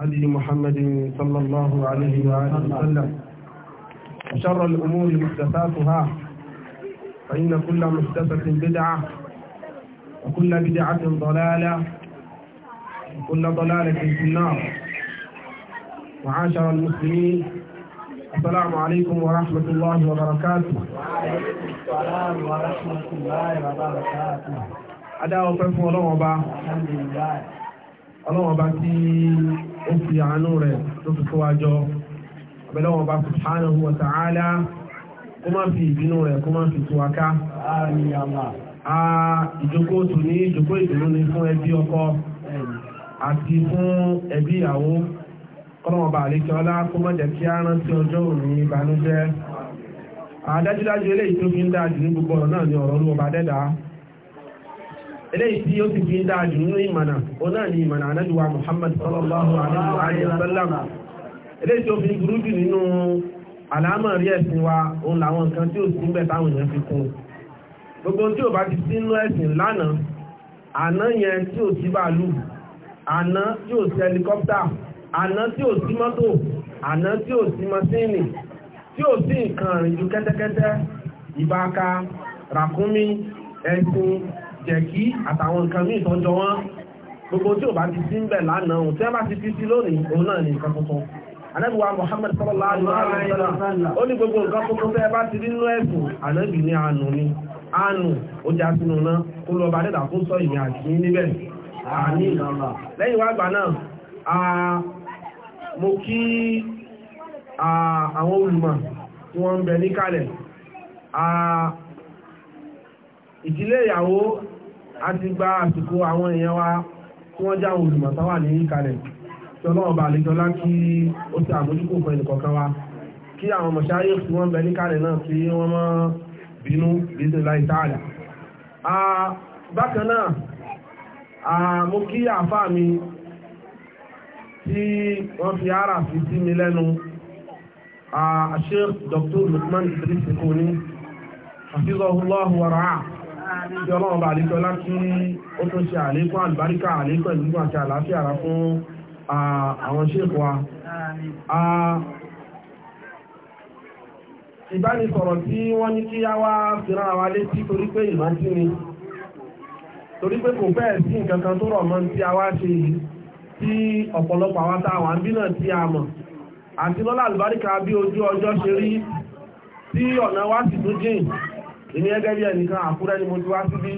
علي محمد صلى الله عليه وآله وسلم وشر الأمور محدثاتها فإن كل محدثة بدعة وكل بدعة ضلالة وكل ضلالة في النار وعاشر المسلمين السلام عليكم ورحمة الله وبركاته وعليكم السلام ورحمة الله وبركاته أدعو فيكم الله الحمد لله الله ó fi àánú rẹ̀ ló fi kó wa jọ abẹ́lẹ́wọ̀n bá subhanahu wa ta'ala kó má fi ìbínú rẹ̀ kó má fi tú wa ìjókòó tò ní ìjókòó ìdùnnú ni fún ẹbí ọkọ àti fún ẹbí ìyàwó kọ́lọ́wọ̀n bá àlékẹ́ kó má jẹ́ kí á rántí ọjọ́ òní ìbànújẹ́. àdájúdájú eléyìí tó fi ń dáa jù ní gbogbo ọ̀rọ̀ náà ni ọ̀rọ̀ olúwọ̀ba dẹ́dàá eléyìí tí ó ti fi dáa jù nínú ìmọ̀nà ó náà ni ìmọ̀nà anájúwa Muhammad sallallahu alaihi wa sallam eléyìí tí ó fi burú jù nínú àlámọ̀ rí ẹ̀sìn wa òun làwọn nǹkan tí ó sì ń bẹ̀ táwọn èèyàn fi kún gbogbo tí ò bá ti sí inú ẹ̀sìn lánàá àná yẹn tí ò sí bàálù àná tí ò sí ẹlikọ́pítà àná tí ò sí mọ́tò àná tí ò sí mọ́síìnì tí ò sí nǹkan rìn kẹ́tẹ́kẹ́tẹ́ ìbáka ràkúnmí ẹ̀sìn jẹ̀kí àtàwọn nǹkan ní ìtọ́jọ wọn gbogbo tí ò bá ti sí ń bẹ̀ lánàá ohun tí a bá ti fi sí lónìí òun náà ní nǹkan tuntun anábìwá Muhammad sallallahu alaihi wa sallam ó ní gbogbo nǹkan tuntun tẹ́ ẹ bá ti rí nínú ẹ̀sùn ànábì ní àánú ni àánú ó já sínú náà kó lọ bá dẹ́dà kó sọ ìyẹn àti níbẹ̀ àní lẹ́yìn wá gbà náà mo kí àwọn olùmọ̀ a ti gba àsìkò àwọn èèyàn wa tí wọ́n já àwọn olùmọ̀tá wà ní ìkàlẹ̀ tí ọlọ́run bá àlejò lá kí ó ti àmójúkò fún ẹnìkọ̀ọ̀kan wa kí àwọn mọ̀ṣáyé tí wọ́n bẹ ní kàlẹ̀ náà kí wọ́n mọ́ bínú bíṣe láì táàlà bákan náà mo kí àfáà mi tí wọ́n fi ara fi sí mi lẹ́nu Sheikh Dr. Lukman Idris Sekoni hafizahullahu ìjọ ọlọ́run bá àlejò ọlá kí ó tún ṣe àlékún àlùbáríkà àlékún ẹ̀lú àti àlàáfíà ara fún àwọn ṣéèkù wa ìbánisọ̀rọ̀ tí wọ́n ní kí á wá fìrán àwa létí torí pé ìrántí ni torí pé kò fẹ́ sí nǹkan kan tó rọ̀ mọ́ tí a wá ṣe yìí tí ọ̀pọ̀lọpọ̀ àwọn táwọn àbí náà tí a mọ̀ àti lọ́lá àlùbáríkà bí ojú ọjọ́ ṣe rí tí ọ̀nà wa sì tún jìn èmi ẹgẹ́ bí ẹnìkan àkúrẹ́ ni mo ti wá síbí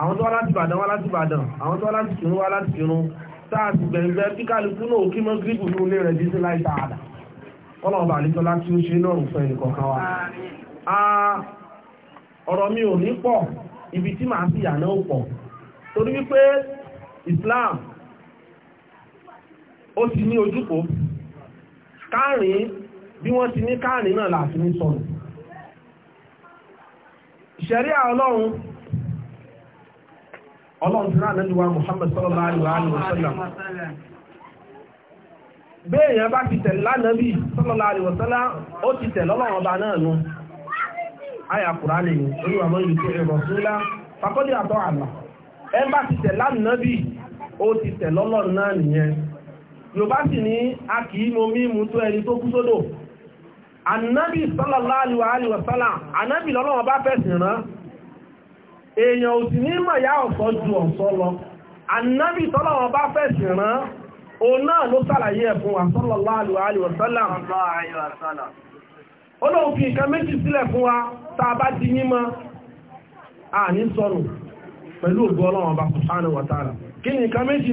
àwọn tó wá láti Ìbàdàn wá láti Ìbàdàn àwọn tó wá láti kírun wá láti kírun sáàsì gbẹ̀ngbẹ́ kí kálukú náà kí mọ́ gírígù ní ilé rẹ̀ dísí láì tààdà ọlọ́ọ̀bà àlítọ́lá tí ó ṣe náà rùn fún ẹnìkọ̀ọ̀kan wa ọ̀rọ̀ mi ò ní pọ̀ ibi tí màá sì yà náà pọ̀ torí wípé Islam ó ti ní ojúkòó káàrin bí wọ́n ti ní káàrin náà láti ní sọ̀rọ̀ ṣẹ̀ríà ọlọ́run ọlọ́run ti rán ànábì wa Muhammad sallallahu alaihi wa béèyàn bá ti tẹ̀lé lánàbí sallallahu alaihi wa sallam ó ti tẹ̀lé ọlọ́run ọba náà nù àyà Kùránì ni olúwa mọ́ ìlú kéré rọ̀súlá fàkọ́lé àtọ́ àlà ẹ bá ti tẹ̀lé lánàbí ó ti tẹ̀lé ọlọ́run náà nìyẹn Yorùbá sì ní a kì í mo mímu tó ẹni tó kú sódò annabi sallallahu alaihi wasallam annabi lọ́lọ́wọ́ bá fẹ̀sìn rán èèyàn ò sì ní mọ̀ yá ọ̀sọ́ ju ọ̀sọ́ lọ annabi tọ́lọ́wọ́ bá fẹ̀sìn rán o náà ló sàlàyé ẹ̀fún wa sallallahu alaihi wasallam olóhun fi nǹkan méjì sílẹ̀ fún wa tá a bá ti yímọ́ à ní sọnù pẹ̀lú ògbọ́ ọlọ́wọ́ bá subhanahu wa ta'ala kí ni nǹkan méjì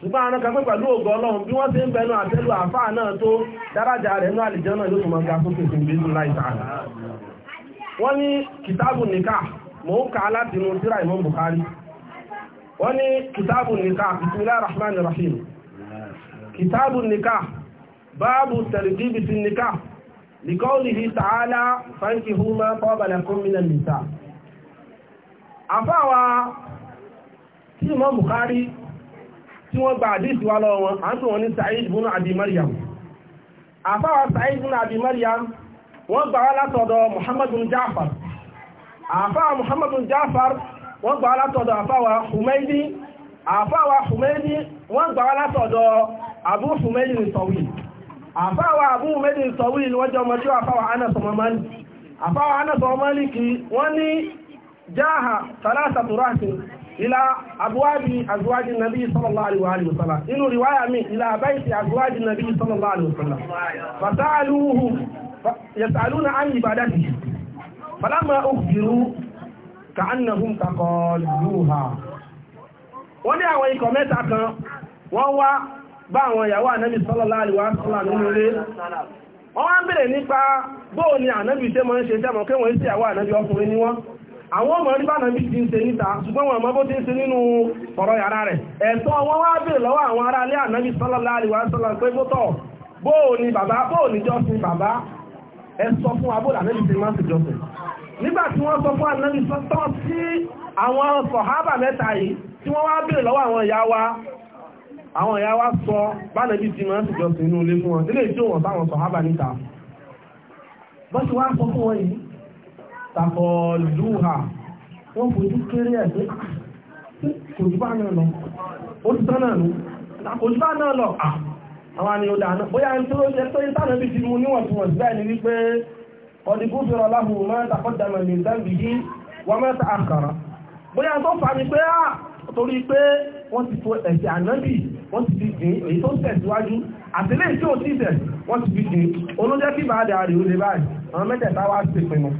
ṣùgbọ́n àwọn kan pé pẹ̀lú ògo ọlọ́run bí wọ́n ti ń bẹnu àtẹ́lù àfáà náà tó dáràjà rẹ̀ ní àlìjẹ́ náà yóò tún mọ́ ga sókè sí ìgbésù láì sáà wọ́n ní kìtàbù nìkà mò ń kà láti inú síra Imam Bukhari wọ́n ní kìtàbù nìkà bismillahir rahmanir rahim kìtàbù nìkà báàbù tẹ̀lẹ̀dìbì sí nìkà lìkọ́ọ̀lìhì tààlà fáńkì húmá fọ́bàlẹ̀kún mílẹ̀ nìta àfáà wa tí Bukhari tí wọ́n gba àdíṣì wá lọ wọn a wọn ní Sa'id ibn Abi Maryam àfáwà Sa'id ibn Abi Maryam wọ́n gbà wá látọ̀dọ̀ Muhammad bin Ja'far àfáwà Muhammad bin Ja'far wọ́n gbà wá látọ̀dọ̀ àfáwà Humaydi àfáwà Humaydi wọ́n gbà wá látọ̀dọ̀ Abu Humaydi al-Tawil àfáwà Abu Humaydi al-Tawil wọ́n jọ mọ́jú àfáwà Anas ilá abúwádìí azúwájì nàbí sallallahu alaihi wasallam inú riwáyà mi ilá àbáyìí azúwájì nàbí sallallahu alaihi wasallam fasáàlúhù yasaluna an ibadatihi falamma ukhbiru ka'annahum taqalluha wọ́n ní àwọn ikọ̀ mẹ́ta kan wọ́n wá bá àwọn ìyàwó ànábì sallallahu alaihi wasallam nínú ilé wọ́n wá ń bèèrè nípa bóò ni ànábì tẹ́mọ̀ ń ṣe tẹ́mọ̀ kéwọ́n sí ìyàwó ànábì ni wọ́n àwọn ọmọ rí bánà bí ti ń ṣe níta ṣùgbọ́n wọn mọ́ bó ti ń ṣe nínú ọ̀rọ̀ yàrá rẹ̀ ẹ̀tọ́ wọn wá bèèrè lọ́wọ́ àwọn ará ilé ànábì sallallahu alaihi wasallam pé bótọ̀ bóò ni bàbá bóò ní jọ́sìn bàbá ẹ sọ fún abúlé ànábì ti máa ń ṣe jọ́sìn nígbà tí wọ́n sọ fún ànábì sọ́tọ́ sí àwọn sọ̀hábà mẹ́ta yìí tí wọ́n wá bèèrè lọ́wọ́ àwọn ìyá wa àwọn ìyá wa sọ bánàbí ti máa ń ṣe jọ́sìn inú ilé fún wọn nílé tí òun ọ̀bá àwọn sọ̀hábà níta bọ́sí wá sọ fún wọn yìí tàbọ̀ lùhà wọ́n fojú kéré ẹ̀ pé ah, kò jù bá náà lọ ó ti tán náà nù kò jù bá náà lọ ah, àwọn àni ọ̀dà náà bóyá ń tó ṣe tó yẹ tánà bí ti mú níwọ̀ntúnwọ̀n bẹ́ẹ̀ ni wípé ọdínkù fẹ́ràn láhùn mẹ́ta kọ́dàmọ̀ ní zambi yìí wọ́n mẹ́ta àkàrà bóyá tó fà ní pé á ah, torí pé wọ́n ti fo ẹ̀sẹ̀ ànábì wọ́n ti fi dín èyí tó tẹ̀síwájú àtìlẹ́yìn tí ò tí tẹ̀ wọ́n ti fi dín olójẹ́ kí bàá dàrí báyìí àwọn mẹ́tẹ̀ẹ̀ta wá sí pinnu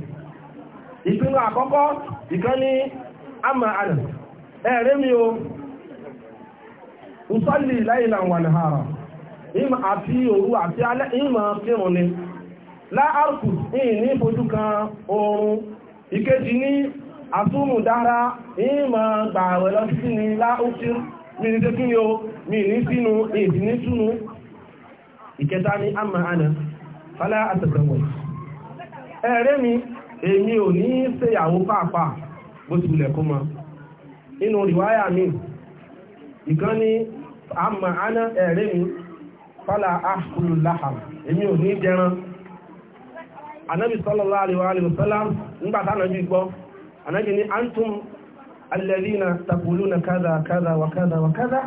ìpínlẹ̀ àkọ́kọ́ ìkan ní àmà àdà ẹ̀rẹ́ mi o ìsọ́lì láìlà wà ní àrà ìmọ̀ àti òru àti alẹ́ ìmọ̀ kírùn ni láàrùkù ìní ìfojú kan oòrùn ìkejì ní dára ìmọ̀ ní ẹ̀rẹ́ èmi ò ní ṣèyàwó pàápàá bó ti wulẹ̀ kó mi ìkan ní àmà áná ẹ̀rẹ́ mi fálà áṣùlù èmi ò ní jẹran anábì sallallahu alaihi wa sallam nígbà antum kaza kaza wakaza wakaza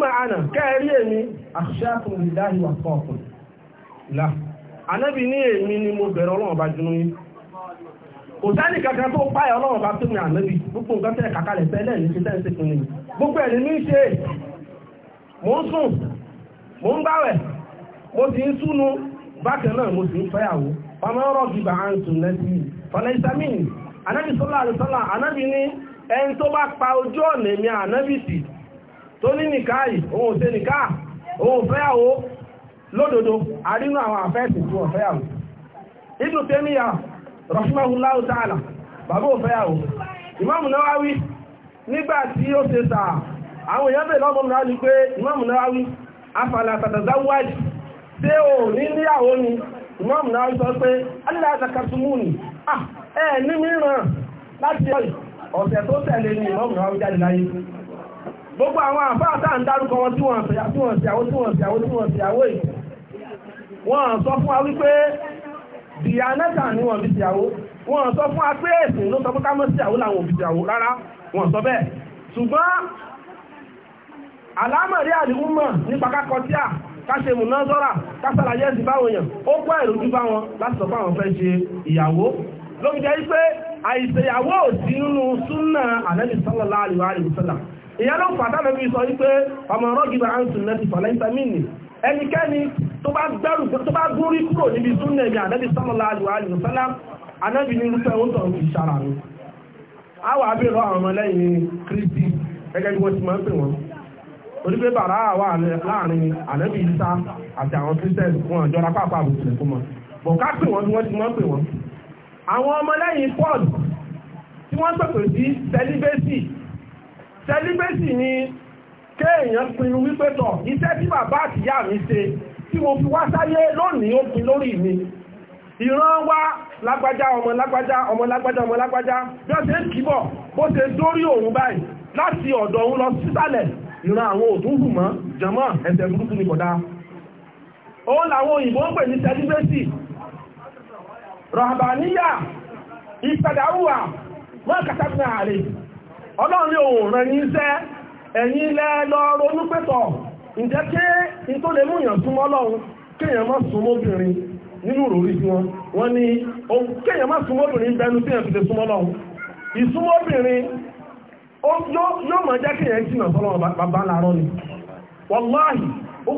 ya kẹ́ẹ̀rí èmi akhshakum lillahi wa taqwa La, anábì ní èmi ni mo bẹ̀rẹ̀ ọlọ́run bá jùlọ yín kò sẹ́ni kankan tó páyà ọlọ́run bá tó mi ànábì gbogbo nǹkan tẹ̀ kàkálẹ̀ fẹ́ lẹ́ẹ̀ni ṣe tẹ́ǹsì fún mi gbogbo ẹ̀ ní mí ṣe mò ń sùn mò ń gbáwẹ̀ mo ti ń súnu bákan náà mo ti ń fẹ́yàwó ọmọ ọ̀rọ̀ bíbà á ń sùn lẹ́sí ọ̀nà ìsàmìnì anábì sọ́lá àdìsọ́lá anábì ní ẹni tó bá pa ojú ọ̀nà èmi ànábì sí tó ní nìkáyì òun ò ṣe nìká òun ò fẹ́yàwó lódodo àrínú àwọn àfẹ́ẹ̀sì tí wọ́n fẹ́yàwó Ibn Taymiyyah rahimahullahu ta'ala bàbá ò fẹ́yàwó Imam Nawawi nígbà tí ó ṣe sà àwọn èèyàn bèèrè lọ́mọ náà ní pé Imam Nawawi afala tatazawwaj tí ah ni gbogbo àwọn ń dárúkọ wọn tí wọ́n àwọn tí wọ́n sọ fún wa wípé dìyànẹ́ta ni wọ́n fi tìyàwó wọ́n sọ fún wa pé ẹ̀sìn ló sọ fún kámọ́ síyàwó làwọn òbí tìyàwó rárá wọ́n sọ bẹ́ẹ̀ ṣùgbọ́n àlámọ̀rí àdìgúnmọ̀ nípa kákọtíà káṣe mùnázọ́rà kásàlàyé ẹ̀sìn báwọn èèyàn ó pọ́ ìrújú bá wọn láti sọ fáwọn fẹ́ ṣe ìyàwó ló fi jẹ́ wípé àìṣèyàwó ò sí nínú súnà àlẹ́lì sọ́lọ́lá àríwá àríwá sọ́lá ìyá ló ẹnikẹ́ni tó bá gbẹ́rù tó bá gúnrí kúrò níbi súnnà ní ànábì sọ́mọ́lá àlùwàlù sọ́lá ànábì ní irúfẹ́ oúnjẹ òun ìṣàrà mi a wà bèèrè àwọn ọmọlẹ́yìn kristi gẹ́gẹ́ bí wọ́n ti máa ń pè wọ́n onígbé bàrá wà láàrin ànábì isa àti àwọn kristẹni wọn jọra pàápàá àbùsùn fún ni kéèyàn pinnu wípé tọ̀ iṣẹ́ tí tí mo fi wá sáyé lónìí ó lórí mi ìran wá lágbájá ọmọ lágbájá ọmọ lágbájá ọmọ lágbájá bí ó ṣe ń bó ṣe dórí òun báyìí láti ọ̀dọ̀ òun lọ sísàlẹ̀ ìran àwọn òtún mọ́ jẹmọ́ ẹ̀sẹ̀ burúkú ni kọ̀dá òun làwọn òyìnbó ń pè ní sẹ́lífẹ́sì wọ́n ààrẹ rẹ̀ ní iṣẹ́ ẹ̀yìn lọ ronú ǹjẹ́ kí n tó lè mú yàn súnmọ́ lọ́hùn kéèyàn má súnmọ́ obìnrin nínú òròrí sí wọn wọ́n ní kéèyàn má súnmọ́ obìnrin bẹnu tí yàn fi lè súnmọ́ ìsúnmọ́ obìnrin yóò jẹ́ kéèyàn ni ó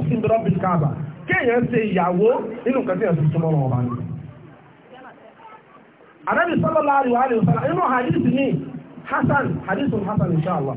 sì ń dọ́rọ́ káàbà kéèyàn ṣe ìyàwó nínú nǹkan tí yàn fi súnmọ́ bá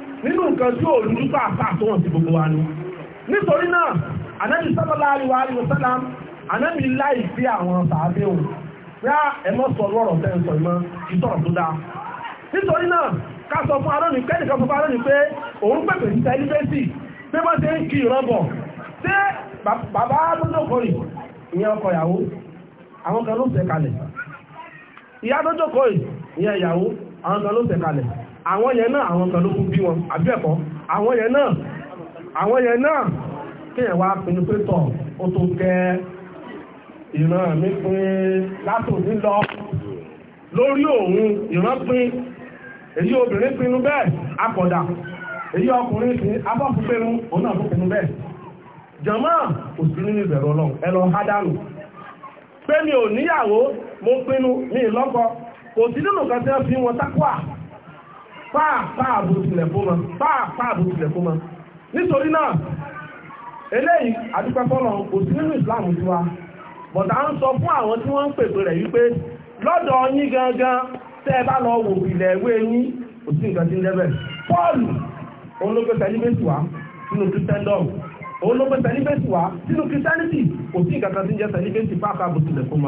nínú nǹkan tí ò ní pàpà tó wọ́n ti gbogbo wa ní nítorí náà anábì sábàlá àríwá àríwá sálám anábì láì sí àwọn sàábé o rá ẹmọ sọ̀rọ̀ ọ̀rọ̀ tẹ́ ń sọ ìmọ̀ ìtọ̀rọ̀ tó dáa nítorí náà ká sọ fún arónì kẹ́nìkan fún arónì pé òun pẹ̀pẹ̀ sí tẹ́lifẹ́sì pé wọ́n ti ń kí ìrọ́bọ̀ ṣé bàbá tó jókòó rì ìyẹn ọkọ ìyàwó àwọn kan ló tẹ̀ kalẹ̀ ìyá tó jókòó rì ìyẹn ìyàwó àwọn kan ló tẹ̀ kalẹ̀ àwọn yẹn náà àwọn kan ló kú bí wọn àbí ẹ̀kọ́ àwọn yẹn náà àwọn yẹn náà kéèyàn wá pinnu pé tọ̀ ó tó kẹ́ ìran mi pín látòní lọ lórí òun ìran pín èyí obìnrin pinnu bẹ́ẹ̀ akọ̀dà èyí ọkùnrin sí abọ́fúnpẹ́nu òun náà tó pinnu bẹ́ẹ̀ jọmọ́ kò sí nínú ìbẹ̀rù ọlọ́run ẹ lọ hádánù pé mi ò níyàwó mo pinnu mi lọ́kọ kò sí nínú kan tí wọ́n fi wọn tákùà fáà fáà bó tilẹ̀ fún fáà fáà nítorí náà eléyìí àdúpẹ́ kò nínú Islam tí wa bọ̀dá ń sọ fún àwọn tí wọ́n ń pèpè rẹ̀ wípé lọ́dọ̀ yín gangan tẹ́ ẹ bá lọ wò ilẹ̀ ewé yín kò sí nǹkan tí ń Pọ́ọ̀lù wa! sínú Christendom wa! sínú Christianity kò sí nǹkan tí ń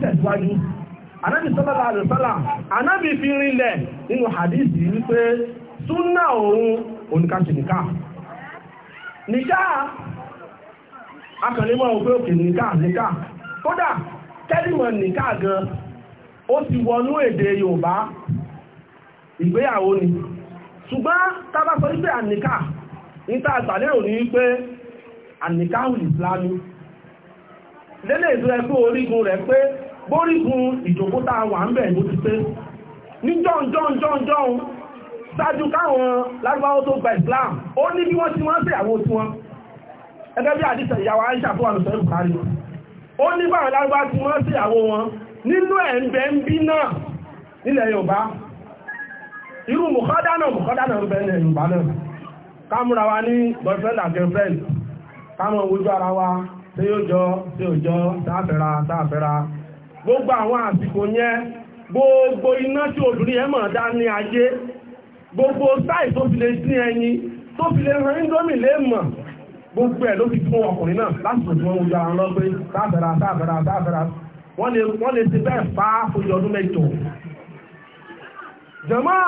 jẹ́ anábì sọ́lọ́lá àdùsọ́lá anábì fi rinlẹ̀ nínú hadithi wípé súnà òun oníkàṣì nìká nìká akànlẹ́mọ̀ òpé òkè nìká nìká kódà kẹ́lìmọ̀ nìká gan ó ti wọnú èdè Yorùbá ìgbéyàwó ni ṣùgbọ́n tábà sọ wípé ànìká níta àgbàlérò ní wípé ànìká hùn ìsìlámi lélẹ̀ ìtura ẹgbẹ́ orígun rẹ̀ pé bórígun ìjòkótà wà ń bẹ̀ ló ti pé ní jọ́njọ́njọ́njọ́n ṣáájú káwọn lárúbáwọ́ tó gba Islam ó ní bí wọ́n ti wọ́n sí àwọn tí wọ́n ẹgbẹ́ bí àdísẹ̀ ìyàwó Aisha tó wà lọ́sọ̀ ìbùkárí ó ní báwọn lárúbá ti wọ́n sí àwọn wọn nínú ẹ̀ǹbẹ̀ ń bí náà wa ní boyfriend and girlfriend kámọ̀ ojú wa tí yóò jọ tí yóò jọ gbogbo àwọn àsìkò yẹn gbogbo iná tí òdúrí ẹmọ̀ dá ní ajé gbogbo sáì tó fi lè sí ẹyin tó fi lè rán indomi lè mọ̀ gbogbo ẹ̀ ló fi fún ọkùnrin náà lásìkò tí wọ́n ń gbára lọ pé sáàbẹ̀rà sáàbẹ̀rà sáàbẹ̀rà wọ́n lè ti bẹ́ẹ̀ fá fojú ọdún mẹ́jọ jẹ̀mọ́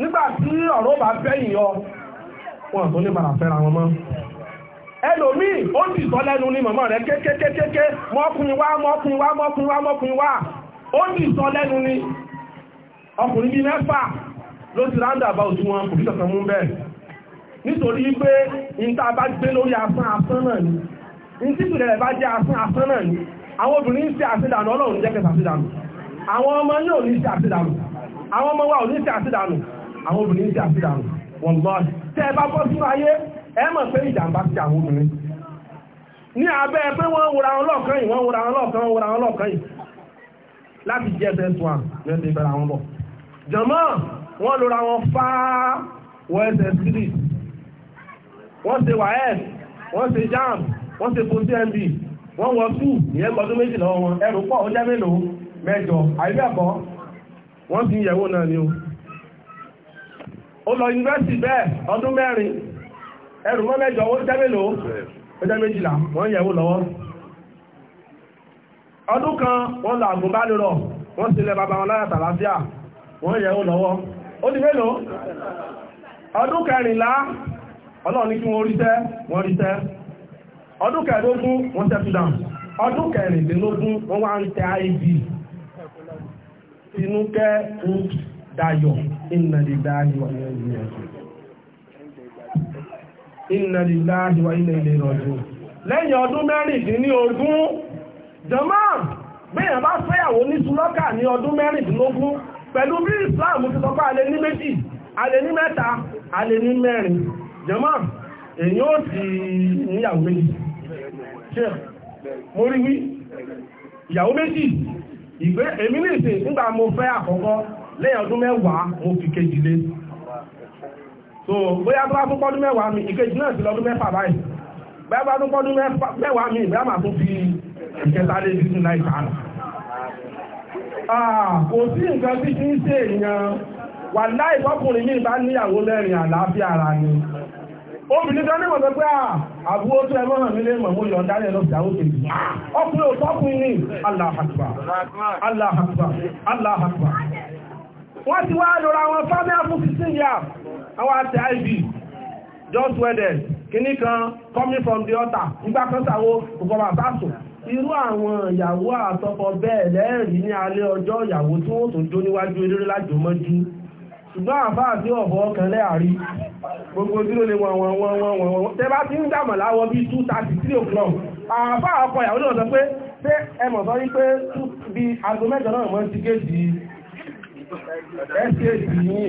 nígbà tí ọ̀rọ̀ bá fẹ́yìn yọ wọn tó ní padà fẹ́ra wọn mọ́ ẹlòmíì ó sì sọ lẹ́nu ní mọ̀mọ́ rẹ̀ kékékékéké mọ́kùnrin wá mọ́kùnrin wá mọ́kùnrin wá mọ́kùnrin wá ó sì sọ lẹ́nu ní ọkùnrin bí mẹ́fà ló ti ráńdà bá òtún wọn kò fi kankan mú bẹ́ẹ̀ nítorí pé níta bá gbé lórí asán asán náà ni ní títúrẹ̀ rẹ̀ bá jẹ́ asán asán náà ni àwọn obìnrin ń ṣe àṣedànù ọlọ́run jẹ́ kẹta àṣedànù àwọn ọmọ ní ní ṣe àṣedànù àwọn ọmọ wa ò ní ṣe àṣedànù àwọn obìnrin ń ṣe àṣedànù wọ́n lọ́ọ̀ṣì tẹ́ ẹ bá bọ́ sínú ayé ẹ mọ̀ pé ìjàmbá ti àwọn obìnrin ní abẹ́ pé wọ́n wòrà wọn lọ́ọ̀kan yìí wọ́n wòrà wọn lọ́ọ̀kan wọ́n wòrà wọn lọ́ọ̀kan yìí láti jẹ́ ẹsẹ̀ tún àm lẹ́sẹ̀ ìbẹ̀rẹ̀ àwọn bọ̀ jọ̀mọ́ wọ́n lòra wọn fá wọ ẹsẹ̀ sílì wọ́n ṣe wáẹ́ẹ̀sì wọ́n ṣe jam wọ́n ṣe fún tmb wọ́n wọ tù ìyẹn gbọdún méjì lọ́wọ́ wọn ẹrù pọ̀ ó jẹ́ mélòó mẹ́jọ àìbẹ̀kọ́ wọ́n ti yẹ̀wò náà ni o ó lọ yunifásitì bẹ́ẹ̀ ọdún mẹ́rin ẹrù mọ́ mẹ́jọ owó jẹ́ mélòó ó méjìlá wọ́n yẹ̀wò lọ́wọ́ ọdún kan wọ́n lọ àgùnbánirọ̀ wọ́n sílẹ̀ bàbá wọn láyàtà láfíà wọ́n yẹ̀wò lọ́wọ́ ó di mélòó ọdún kẹrìnlá ọlọ́run kí wọ́n ríṣẹ́ wọ́n ríṣẹ́ ọdún wọ́n ọdún wọ́n wá ń tẹ tinúkẹ́ dayọ̀ ìnàdìdáyọ̀ inna lillahi wa inna ilayhi raji'un lẹ́yìn ọdún mẹ́rìndínlógún jọmọ́ bẹ́yàn bá fẹ́yàwó ní súlọ́kà ní ọdún mẹ́rìndínlógún pẹ̀lú bí islam ti sọ pé a ní méjì a ní mẹ́ta a ní mẹ́rin jọmọ́ èyí ó ti níyàwó méjì mo rí wí ìyàwó méjì ìgbé èmi nìsín nígbà mo fẹ́ àkọ́kọ́ lẹ́yìn ọdún mẹ́wàá mo fi kejì lé so bóyá tó bá tún pọ́dún mẹ́wàá mi ìkejì náà sí lọ́dún mẹ́fà báyìí bóyá bá tún pọ́dún mẹ́wàá mi ìgbà máa tún fi ìkẹta lé títún láì sáàlù kò sí nǹkan tí kí ń ṣe èèyàn wà láì fọ́kùnrin ní ìbá níyàwó mẹ́rin àlàáfíà ara ni obìnrin kan ní mọ̀tọ́ pé àbúrò tó ẹgbọ́n hàn mí lé mọ̀ mú yọ dálẹ̀ lọ síyàwó kejì ọkùnrin òtọ́kùnrin ní Allahu Akbar Allahu Akbar Allahu Akbar wọ́n ti wá lọ́ra wọn fámẹ́ fún 16 years àwọn àti iv just wedded kìíní kan coming from the altar nígbà kan sáwó ìkọ̀bà sáàsùn irú àwọn ìyàwó àtọkọ bẹ́ẹ̀ lẹ́ẹ̀rí ní alẹ́ ọjọ́ ìyàwó tí wọ́n tún jó níwájú eléré lájò mọ́jú ṣùgbọ́n àfáà sí ọ̀bọ̀ ọkàn lẹ́àrí gbogbo ojúlò lè wọ̀n wọ̀n wọ̀n wọ̀n wọ̀n wọ̀n tẹ́ bá ti ń dàmọ̀ láwọ bí 2:33 o'clock àfáà ọkọ ìyàwó náà sọ pé pé ẹmọ̀ sọ wípé bí aago mẹ́jọ náà mọ́ ti gé sí ẹ́sì èsì yìí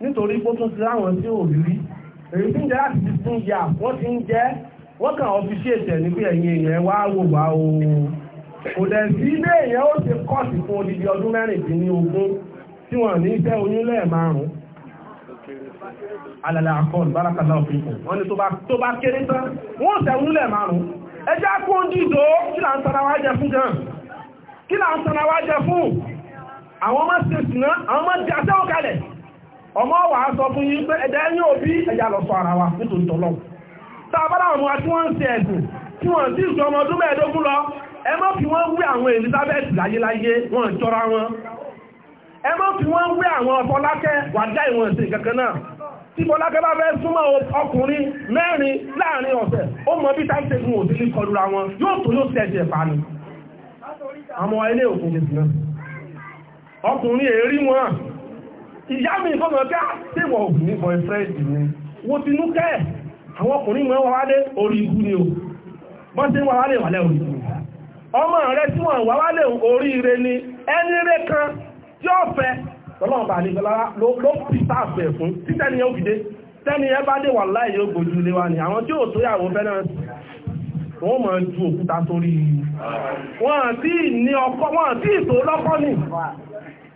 nítorí pé tún ti láwọn tí ò rí èyí tí ń jẹ́ láti ti ń yà wọ́n ti ń jẹ́ wọ́n kàn ọ́fíṣíètì ẹ̀ ní pé ẹ̀yin èèyàn wá wò wá o kò dẹ̀ sí ilé èèyàn ó ṣe kọ́ọ̀sì fún odidi ọdún mẹ́rìndínlógún tí wọ́n ní iṣẹ́ oyún lẹ́ẹ̀márùn-ún alàlà àkọọ̀lù bárakàlá òfin kù wọ́n ní tó bá kéré tán wọ́n sẹ̀wọ́n lẹ́ẹ̀márùn-ún ẹjá kó ń dìdó kí ọmọ wà á sọ fún yín pé ẹ̀dá ẹ̀yìn òbí ẹ̀yà lọ sọ ara wa nítorí tọ́lọ́ tá a bá dáwọn ọmọ tí wọ́n ń ṣe ẹ̀sìn tí wọ́n sì ju ọmọ ọdún mẹ́ẹ̀ẹ́dógún lọ ẹ má fi wọ́n wé àwọn Elizabeth láyéláyé wọ́n jọra wọn ẹ má fi wọ́n wé àwọn ọfọlákẹ́ wà dá ìwọ̀n ìsìn kankan náà tí bọ́lákẹ́ bá fẹ́ súnmọ́ ọkùnrin mẹ́rin láàrin ọ̀sẹ̀ ó mọ bí táìsẹ̀ fún òsì ní kọlura wọn yóò tó yóò tẹ̀sẹ̀ fani àwọn ilé òkùnrin ọkùnrin èrí wọn ìyá mi ìfọ́nà ọjọ́ tèwọ̀ obìnrin boyfriend ni wo ti núkẹ́ àwọn ọkùnrin mọ́ wà wálé orí igun ni o wọ́n ti wà wálé wàlẹ́ orí igun ọmọ rẹ tí wọ́n wà wálé orí ire ni ẹni rẹ kan tí ó fẹ́ lọ́lọ́ọ̀bà àlejòlá ló fi sáàfù ẹ̀ fún títẹ́ ni ó fi dé tẹ́ni ẹ bá dé wà láì yóò gbójú lé wa ni àwọn tí ò tó yàwó fẹ́ náà wọ́n mọ̀ ju òkúta sórí wọn àti ìní ọkọ wọn àti ìtò lọ́kọ́ ni